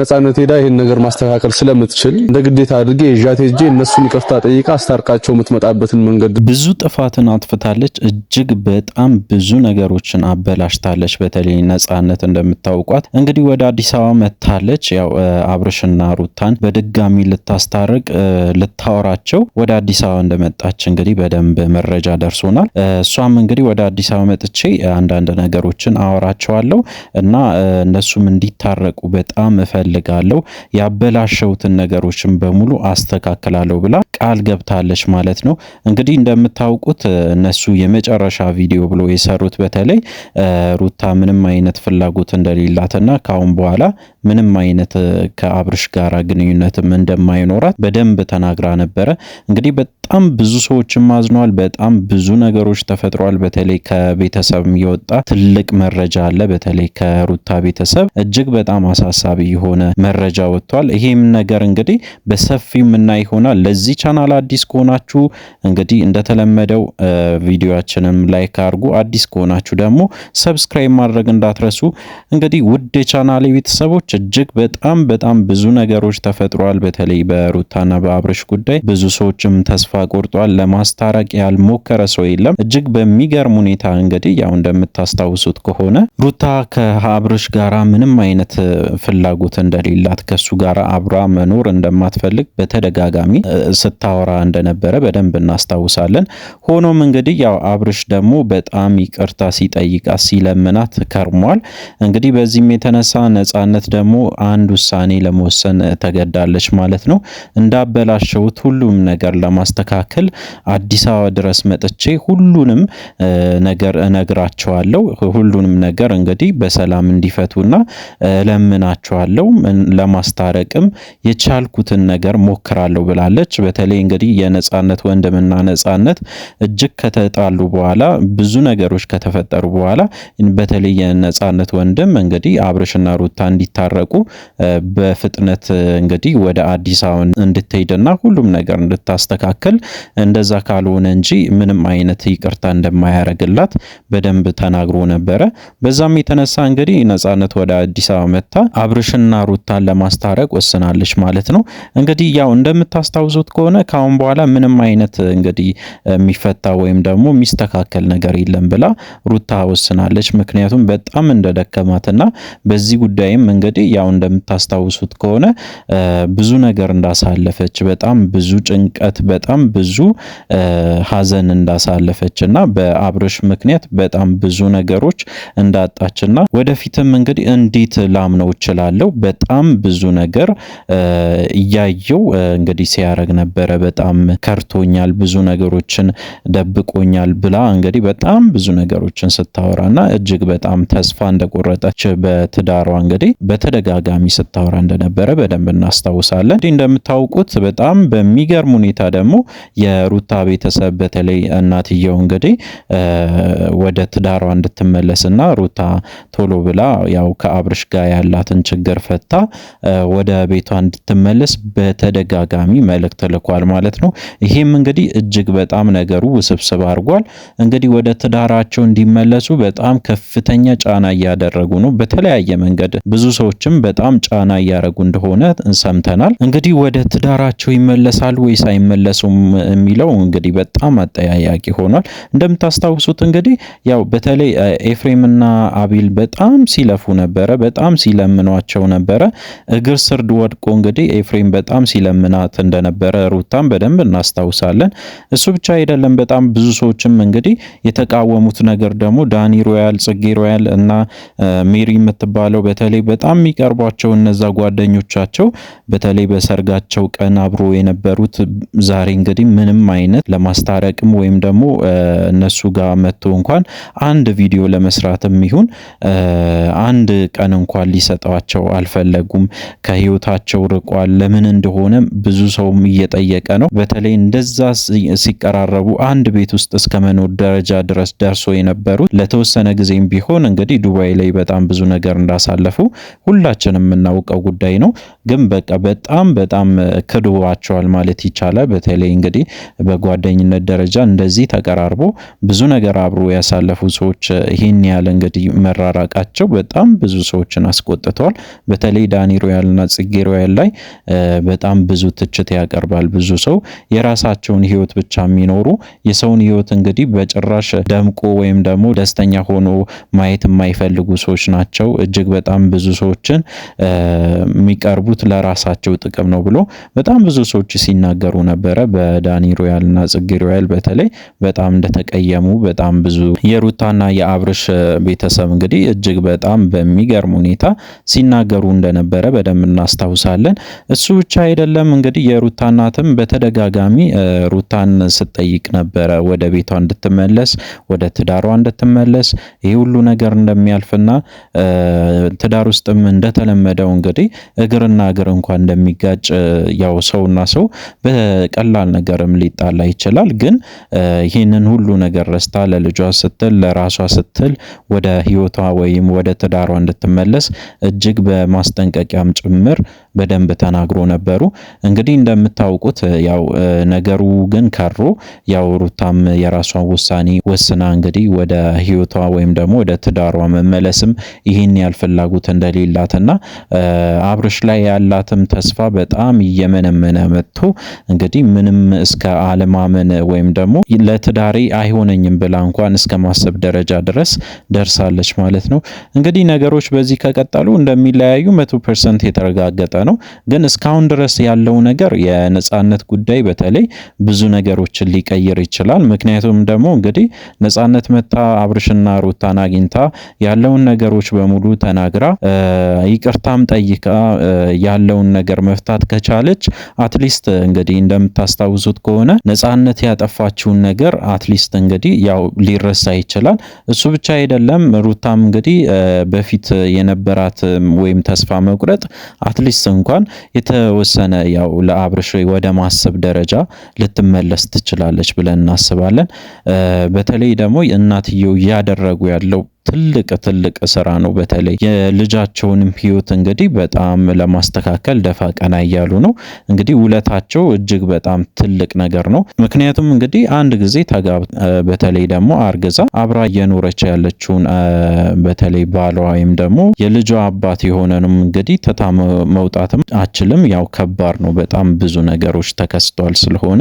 ነጻነት ሄዳ ይህን ነገር ማስተካከል ስለምትችል እንደ ግዴታ አድርጌ ይዣት ሄጄ እነሱን ይቅርታ ጠይቃ አስታርቃቸው የምትመጣበትን መንገድ ብዙ ጥፋትን አጥፍታለች። እጅግ በጣም ብዙ ነገሮችን አበላሽታለች። በተለይ ነጻነት እንደምታውቋት እንግዲህ ወደ አዲስ አበባ መታለች። ያው አብርሽና ሩታን በድጋሚ ልታስታርቅ ልታወራቸው ወደ አዲስ አበባ እንደመጣች እንግዲህ በደንብ መረጃ ደርሶናል። እሷም እንግዲህ ወደ አዲስ አበባ መጥቼ አንዳንድ ነገሮችን አወራቸዋለሁ እና እነሱም እንዲታረቁ በጣም እፈልጋለሁ፣ ያበላሸውትን ነገሮችን በሙሉ አስተካክላለሁ ብላ ቃል ገብታለች ማለት ነው። እንግዲህ እንደምታውቁት እነሱ የመጨረሻ ቪዲዮ ብሎ የሰሩት በተለይ ሩታ ምንም አይነት ፍላጎት እንደሌላትና ካሁን በኋላ ምንም አይነት ከአብርሽ ጋር ግንኙነትም እንደማይኖራት በደንብ ተናግራ ነበረ። እንግዲህ በጣም ብዙ ሰዎችም አዝነዋል። በጣም ብዙ ነገሮች ተፈጥሯል። በተለይ ከቤተሰብ የወጣ ትልቅ መረጃ አለ። በተለይ ከሩታ ቤተሰብ እጅግ በጣም አሳሳቢ የሆነ መረጃ ወጥቷል። ይሄም ነገር እንግዲህ በሰፊው ምና ይሆናል። ለዚህ ቻናል አዲስ ከሆናችሁ እንግዲህ እንደተለመደው ቪዲዮችንም ላይክ አድርጉ። አዲስ ከሆናችሁ ደግሞ ሰብስክራይብ ማድረግ እንዳትረሱ። እንግዲህ ውድ የቻናሌ ቤተሰቦች ነገሮች እጅግ በጣም በጣም ብዙ ነገሮች ተፈጥሯል። በተለይ በሩታና በአብርሽ ጉዳይ ብዙ ሰዎችም ተስፋ ቆርጧል። ለማስታረቅ ያልሞከረ ሰው የለም። እጅግ በሚገርም ሁኔታ እንግዲህ ያው እንደምታስታውሱት ከሆነ ሩታ ከአብርሽ ጋራ ምንም አይነት ፍላጎት እንደሌላት ከሱ ጋራ አብራ መኖር እንደማትፈልግ በተደጋጋሚ ስታወራ እንደነበረ በደንብ እናስታውሳለን። ሆኖም እንግዲህ ያው አብርሽ ደግሞ በጣም ይቅርታ ሲጠይቃት ሲለምናት ከርሟል። እንግዲህ በዚህም የተነሳ ነጻነት ደግሞ አንድ ውሳኔ ለመወሰን ተገዳለች ማለት ነው። እንዳበላሸሁት ሁሉም ነገር ለማስተካከል አዲስ አበባ ድረስ መጥቼ ሁሉንም ነገር እነግራቸዋለሁ። ሁሉንም ነገር እንግዲህ በሰላም እንዲፈቱና እለምናቸዋለሁ። ለማስታረቅም የቻልኩትን ነገር ሞክራለሁ ብላለች። በተለይ እንግዲህ የነጻነት ወንድምና ነጻነት እጅግ ከተጣሉ በኋላ ብዙ ነገሮች ከተፈጠሩ በኋላ በተለይ የነጻነት ወንድም እንግዲህ አብርሽና ሩታ እንዲታ እንድታረቁ በፍጥነት እንግዲህ ወደ አዲስ አበባ እንድትሄድና ሁሉም ነገር እንድታስተካከል እንደዛ ካልሆነ እንጂ ምንም አይነት ይቅርታ እንደማያደርግላት በደንብ ተናግሮ ነበረ። በዛም የተነሳ እንግዲህ ነጻነት ወደ አዲስ አበባ መጥታ አብርሽና ሩታን ለማስታረቅ ወስናለች ማለት ነው። እንግዲህ ያው እንደምታስታውሱት ከሆነ ከአሁን በኋላ ምንም አይነት እንግዲህ የሚፈታ ወይም ደግሞ የሚስተካከል ነገር የለም ብላ ሩታ ወስናለች። ምክንያቱም በጣም እንደደከማትና በዚህ ጉዳይም እንግዲህ እንግዲህ ያው እንደምታስታውሱት ከሆነ ብዙ ነገር እንዳሳለፈች በጣም ብዙ ጭንቀት፣ በጣም ብዙ ሀዘን እንዳሳለፈች እና በአብርሽ ምክንያት በጣም ብዙ ነገሮች እንዳጣችና ወደፊትም እንግዲህ እንዴት ላምነው እችላለሁ በጣም ብዙ ነገር እያየው እንግዲህ ሲያደርግ ነበረ። በጣም ከርቶኛል፣ ብዙ ነገሮችን ደብቆኛል ብላ እንግዲህ በጣም ብዙ ነገሮችን ስታወራና እጅግ በጣም ተስፋ እንደቆረጠች በትዳሯ እንግዲህ በተደጋጋሚ ስታወራ እንደነበረ በደንብ እናስታውሳለን። እንዲህ እንደምታውቁት በጣም በሚገርም ሁኔታ ደግሞ የሩታ ቤተሰብ በተለይ እናትየው እንግዲህ ወደ ትዳሯ እንድትመለስና ሩታ ቶሎ ብላ ያው ከአብርሽ ጋር ያላትን ችግር ፈታ ወደ ቤቷ እንድትመለስ በተደጋጋሚ መልእክት ልኳል ማለት ነው። ይሄም እንግዲህ እጅግ በጣም ነገሩ ውስብስብ አድርጓል። እንግዲህ ወደ ትዳራቸው እንዲመለሱ በጣም ከፍተኛ ጫና እያደረጉ ነው በተለያየ መንገድ ብዙ ሰዎች ሰዎችም በጣም ጫና እያደረጉ እንደሆነ ሰምተናል። እንግዲህ ወደ ትዳራቸው ይመለሳሉ ወይስ አይመለሱም የሚለው እንግዲህ በጣም አጠያያቂ ሆኗል። እንደምታስታውሱት እንግዲህ ያው በተለይ ኤፍሬምና አቢል በጣም ሲለፉ ነበረ፣ በጣም ሲለምኗቸው ነበረ። እግር ስር ወድቆ እንግዲህ ኤፍሬም በጣም ሲለምናት እንደነበረ ሩታም በደንብ እናስታውሳለን። እሱ ብቻ አይደለም፣ በጣም ብዙ ሰዎችም እንግዲህ የተቃወሙት ነገር ደግሞ ዳኒ ሮያል፣ ጽጌ ሮያል እና ሜሪ የምትባለው በተለይ በጣም የሚቀርቧቸው እነዛ ጓደኞቻቸው በተለይ በሰርጋቸው ቀን አብሮ የነበሩት ዛሬ እንግዲህ ምንም አይነት ለማስታረቅም ወይም ደግሞ እነሱ ጋር መጥቶ እንኳን አንድ ቪዲዮ ለመስራትም ይሁን አንድ ቀን እንኳን ሊሰጧቸው አልፈለጉም። ከህይወታቸው ርቋል። ለምን እንደሆነ ብዙ ሰውም እየጠየቀ ነው። በተለይ እንደዛ ሲቀራረቡ አንድ ቤት ውስጥ እስከ መኖር ደረጃ ድረስ ደርሶ የነበሩት ለተወሰነ ጊዜም ቢሆን እንግዲህ ዱባይ ላይ በጣም ብዙ ነገር እንዳሳለፉ ሁላችንም የምናውቀው ጉዳይ ነው። ግን በቃ በጣም በጣም ክድዋቸዋል ማለት ይቻላል። በተለይ እንግዲህ በጓደኝነት ደረጃ እንደዚህ ተቀራርቦ ብዙ ነገር አብሮ ያሳለፉ ሰዎች ይህን ያህል እንግዲህ መራራቃቸው በጣም ብዙ ሰዎችን አስቆጥተዋል። በተለይ ዳኒ ሮያልና ጽጌ ሮያል ላይ በጣም ብዙ ትችት ያቀርባል ብዙ ሰው የራሳቸውን ህይወት ብቻ የሚኖሩ የሰውን ህይወት እንግዲህ በጭራሽ ደምቆ ወይም ደግሞ ደስተኛ ሆኖ ማየት የማይፈልጉ ሰዎች ናቸው። እጅግ በጣም ብዙ ሰዎች ሰዎችን የሚቀርቡት ለራሳቸው ጥቅም ነው ብሎ በጣም ብዙ ሰዎች ሲናገሩ ነበረ። በዳኒ ሮያል እና ጽጌ ሮያል በተለይ በጣም እንደተቀየሙ በጣም ብዙ የሩታና የአብርሽ ቤተሰብ እንግዲህ እጅግ በጣም በሚገርም ሁኔታ ሲናገሩ እንደነበረ በደንብ እናስታውሳለን። እሱ ብቻ አይደለም እንግዲህ የሩታ እናትም በተደጋጋሚ ሩታን ስትጠይቅ ነበረ ወደ ቤቷ እንድትመለስ ወደ ትዳሯ እንድትመለስ ይህ ሁሉ ነገር እንደሚያልፍና ትዳር ውስጥም እንደተለመደው እንግዲህ እግርና እግር እንኳን እንደሚጋጭ ያው ሰውና ሰው በቀላል ነገርም ሊጣላ ይችላል። ግን ይህንን ሁሉ ነገር ረስታ ለልጇ ስትል ለራሷ ስትል ወደ ህይወቷ ወይም ወደ ትዳሯ እንድትመለስ እጅግ በማስጠንቀቂያም ጭምር በደንብ ተናግሮ ነበሩ። እንግዲህ እንደምታውቁት ያው ነገሩ ግን ከሮ ያው ሩታም የራሷን ውሳኔ ወስና እንግዲህ ወደ ህይወቷ ወይም ደግሞ ወደ ትዳሯ መመለስም ይህን ያህል ፍላጎት እንደሌላ ያላትና አብርሽ ላይ ያላትም ተስፋ በጣም እየመነመነ መጥቶ እንግዲህ ምንም እስከ አለማመን ወይም ደግሞ ለትዳሬ አይሆነኝም ብላ እንኳን እስከ ማሰብ ደረጃ ድረስ ደርሳለች ማለት ነው። እንግዲህ ነገሮች በዚህ ከቀጠሉ እንደሚለያዩ መቶ ፐርሰንት የተረጋገጠ ነው። ግን እስካሁን ድረስ ያለው ነገር የነጻነት ጉዳይ በተለይ ብዙ ነገሮችን ሊቀይር ይችላል። ምክንያቱም ደግሞ እንግዲህ ነጻነት መታ አብርሽና ሩታን አግኝታ ያለውን ነገሮች በሙሉ ተናግራ ይቅርታም ጠይቃ ያለውን ነገር መፍታት ከቻለች አትሊስት እንግዲህ እንደምታስታውሱት ከሆነ ነጻነት ያጠፋችውን ነገር አትሊስት እንግዲህ ያው ሊረሳ ይችላል። እሱ ብቻ አይደለም ሩታም እንግዲህ በፊት የነበራት ወይም ተስፋ መቁረጥ አትሊስት እንኳን የተወሰነ ያው ለአብርሽ ወደ ማሰብ ደረጃ ልትመለስ ትችላለች ብለን እናስባለን። በተለይ ደግሞ እናትየው እያደረጉ ያለው ትልቅ ትልቅ ስራ ነው። በተለይ የልጃቸውንም ህይወት እንግዲህ በጣም ለማስተካከል ደፋ ቀና እያሉ ነው። እንግዲህ ውለታቸው እጅግ በጣም ትልቅ ነገር ነው። ምክንያቱም እንግዲህ አንድ ጊዜ ተጋብ በተለይ ደግሞ አርግዛ አብራ እየኖረች ያለችውን በተለይ ባሏ ወይም ደግሞ የልጇ አባት የሆነንም እንግዲህ ትታ መውጣትም አችልም። ያው ከባድ ነው። በጣም ብዙ ነገሮች ተከስቷል ስለሆነ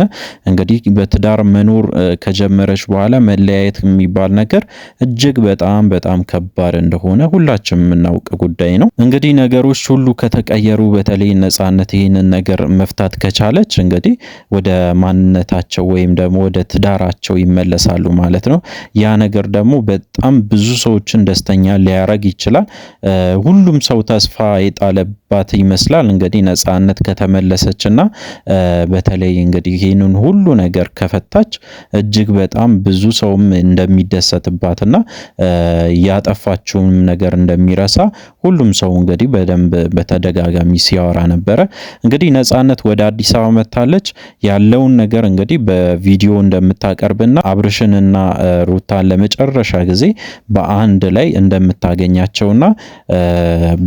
እንግዲህ በትዳር መኖር ከጀመረች በኋላ መለያየት የሚባል ነገር እጅግ በጣም በጣም ከባድ እንደሆነ ሁላችንም የምናውቅ ጉዳይ ነው። እንግዲህ ነገሮች ሁሉ ከተቀየሩ በተለይ ነጻነት ይህንን ነገር መፍታት ከቻለች እንግዲህ ወደ ማንነታቸው ወይም ደግሞ ወደ ትዳራቸው ይመለሳሉ ማለት ነው። ያ ነገር ደግሞ በጣም ብዙ ሰዎችን ደስተኛ ሊያረግ ይችላል። ሁሉም ሰው ተስፋ የጣለባት ይመስላል እንግዲህ ነጻነት ከተመለሰች እና በተለይ እንግዲህ ይህንን ሁሉ ነገር ከፈታች እጅግ በጣም ብዙ ሰውም እንደሚደሰትባትና ያጠፋችውም ነገር እንደሚረሳ ሁሉም ሰው እንግዲህ በደንብ በተደጋጋሚ ሲያወራ ነበረ። እንግዲህ ነጻነት ወደ አዲስ አበባ መታለች ያለውን ነገር እንግዲህ በቪዲዮ እንደምታቀርብና አብርሽንና ሩታን ለመጨረሻ ጊዜ በአንድ ላይ እንደምታገኛቸውና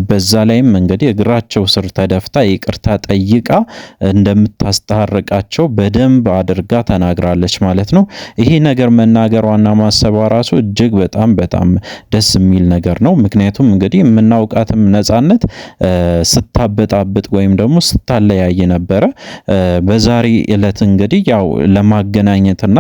በዛ ላይም እንግዲህ እግራቸው ስር ተደፍታ ይቅርታ ጠይቃ እንደምታስታርቃቸው በደንብ አድርጋ ተናግራለች ማለት ነው። ይሄ ነገር መናገሯና ማሰቧ ራሱ እጅግ በጣም በጣም ደስ የሚል ነገር ነው። ምክንያቱም እንግዲህ የምናውቃትም ነጻነት ስታበጣብጥ ወይም ደግሞ ስታለያይ ነበረ። በዛሬ እለት እንግዲህ ያው ለማገናኘትና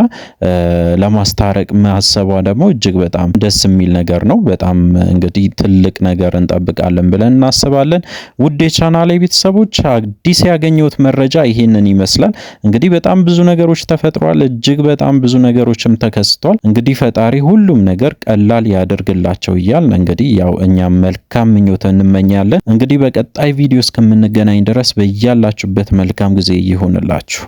ለማስታረቅ ማሰቧ ደግሞ እጅግ በጣም ደስ የሚል ነገር ነው። በጣም እንግዲህ ትልቅ ነገር እንጠብቃለን ብለን እናስባለን። ውድ የቻናሌ ቤተሰቦች አዲስ ያገኘሁት መረጃ ይህንን ይመስላል። እንግዲህ በጣም ብዙ ነገሮች ተፈጥሯል። እጅግ በጣም ብዙ ነገሮችም ተከስቷል። እንግዲህ ፈጣሪ ሁሉም ነገር ቀላል ያደ ያድርግላቸው እያልን እንግዲህ ያው እኛም መልካም ምኞት እንመኛለን። እንግዲህ በቀጣይ ቪዲዮ እስከምንገናኝ ድረስ በያላችሁበት መልካም ጊዜ ይሆንላችሁ።